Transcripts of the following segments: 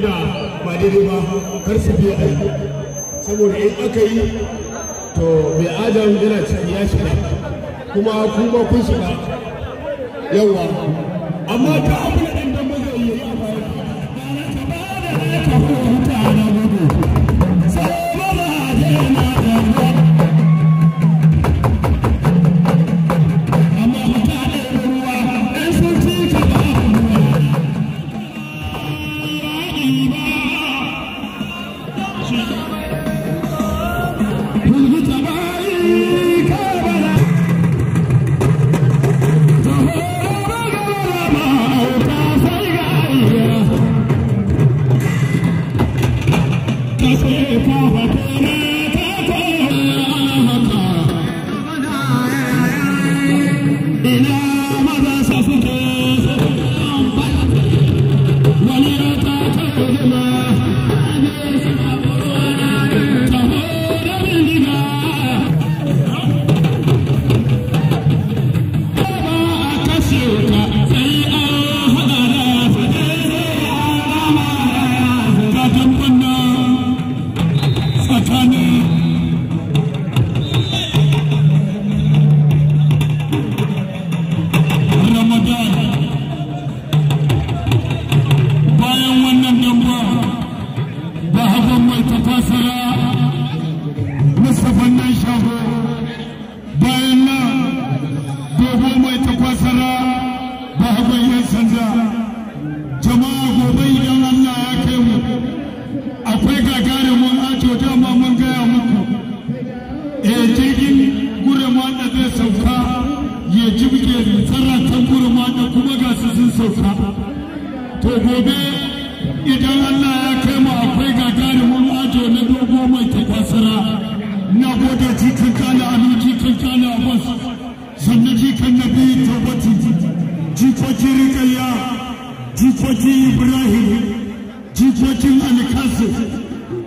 abin da ba daidai ba kar su biya ai saboda in aka yi to mai adam yana ciki ya shiga kuma kuma kun shiga yawa amma ta abin to gobe idan Allah ya kai mu akwai gagarumin ajo na dogo mai tafasara na gode jikin kala alu jikin kala abbas sannan jikin nabi tabbati jikokin rikayya jikokin ibrahim jikokin alkasu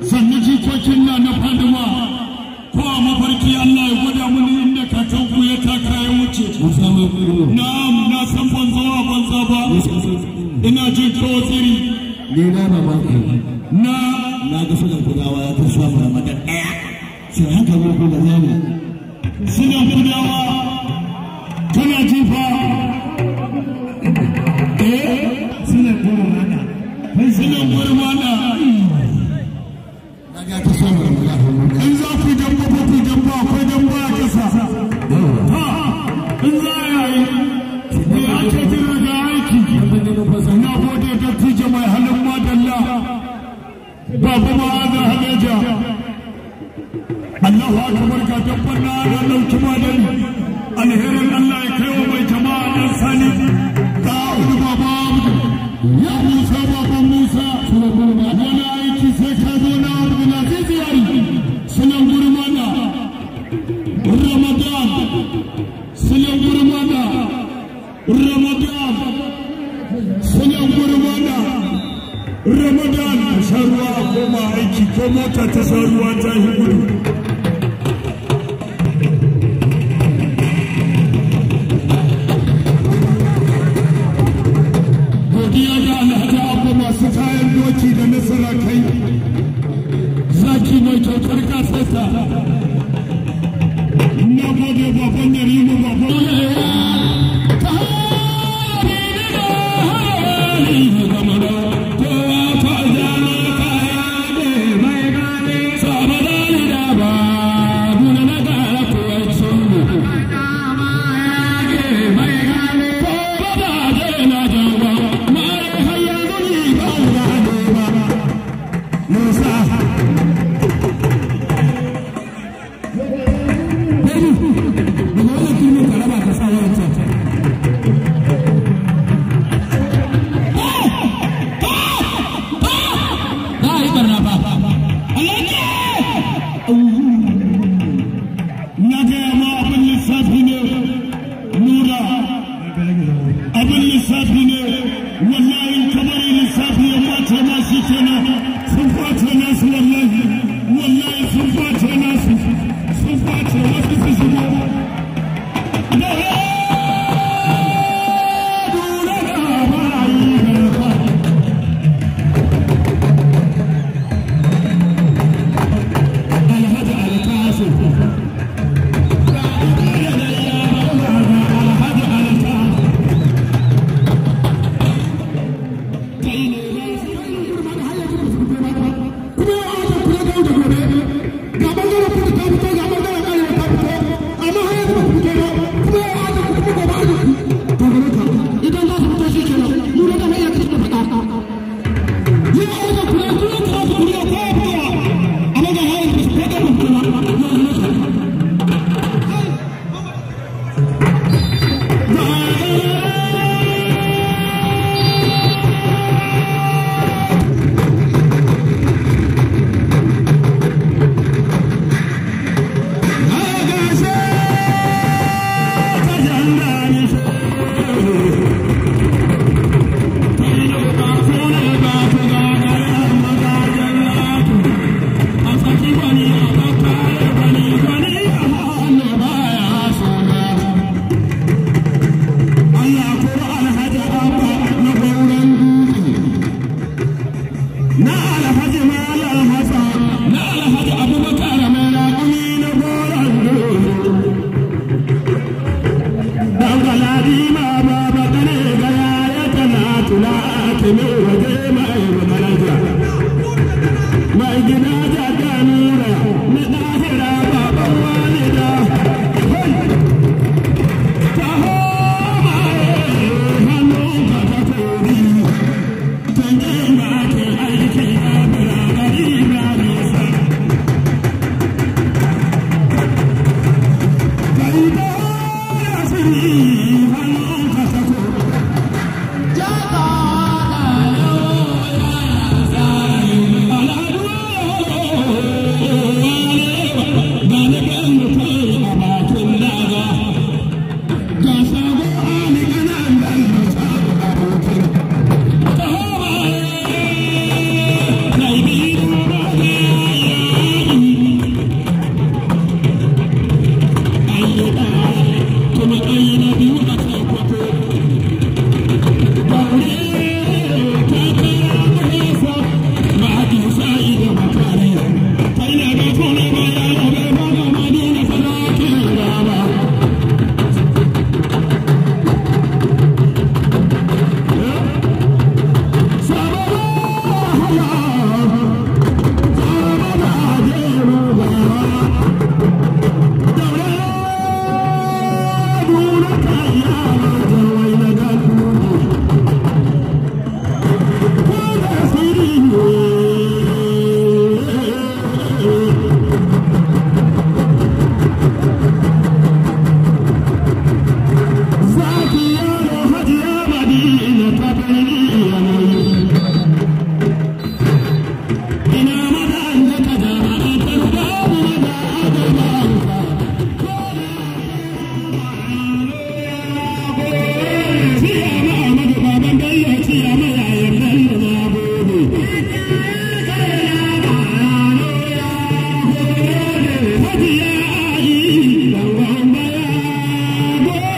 sannan jikokin na na fadima ko a mafarki Allah ya gwada ne inda kakanku ya taka ya wuce na'am na san banza wa banza ba ina jin tawassiri ne na ba mamaki na na ga suna gudawa ya ta samu mata ɗaya sai haka ne ko da zai ne suna रहंदा चा mota ta sha ruwa ta أبن لسابنا والله كبير ma ai ma lafiya mai gida ta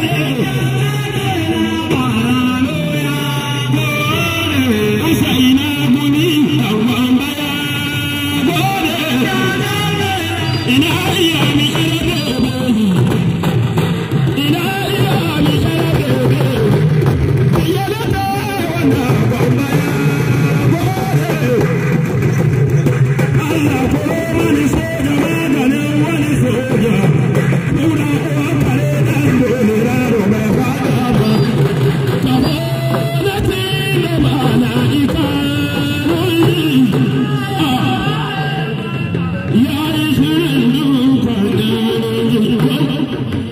Thank you. Thank you.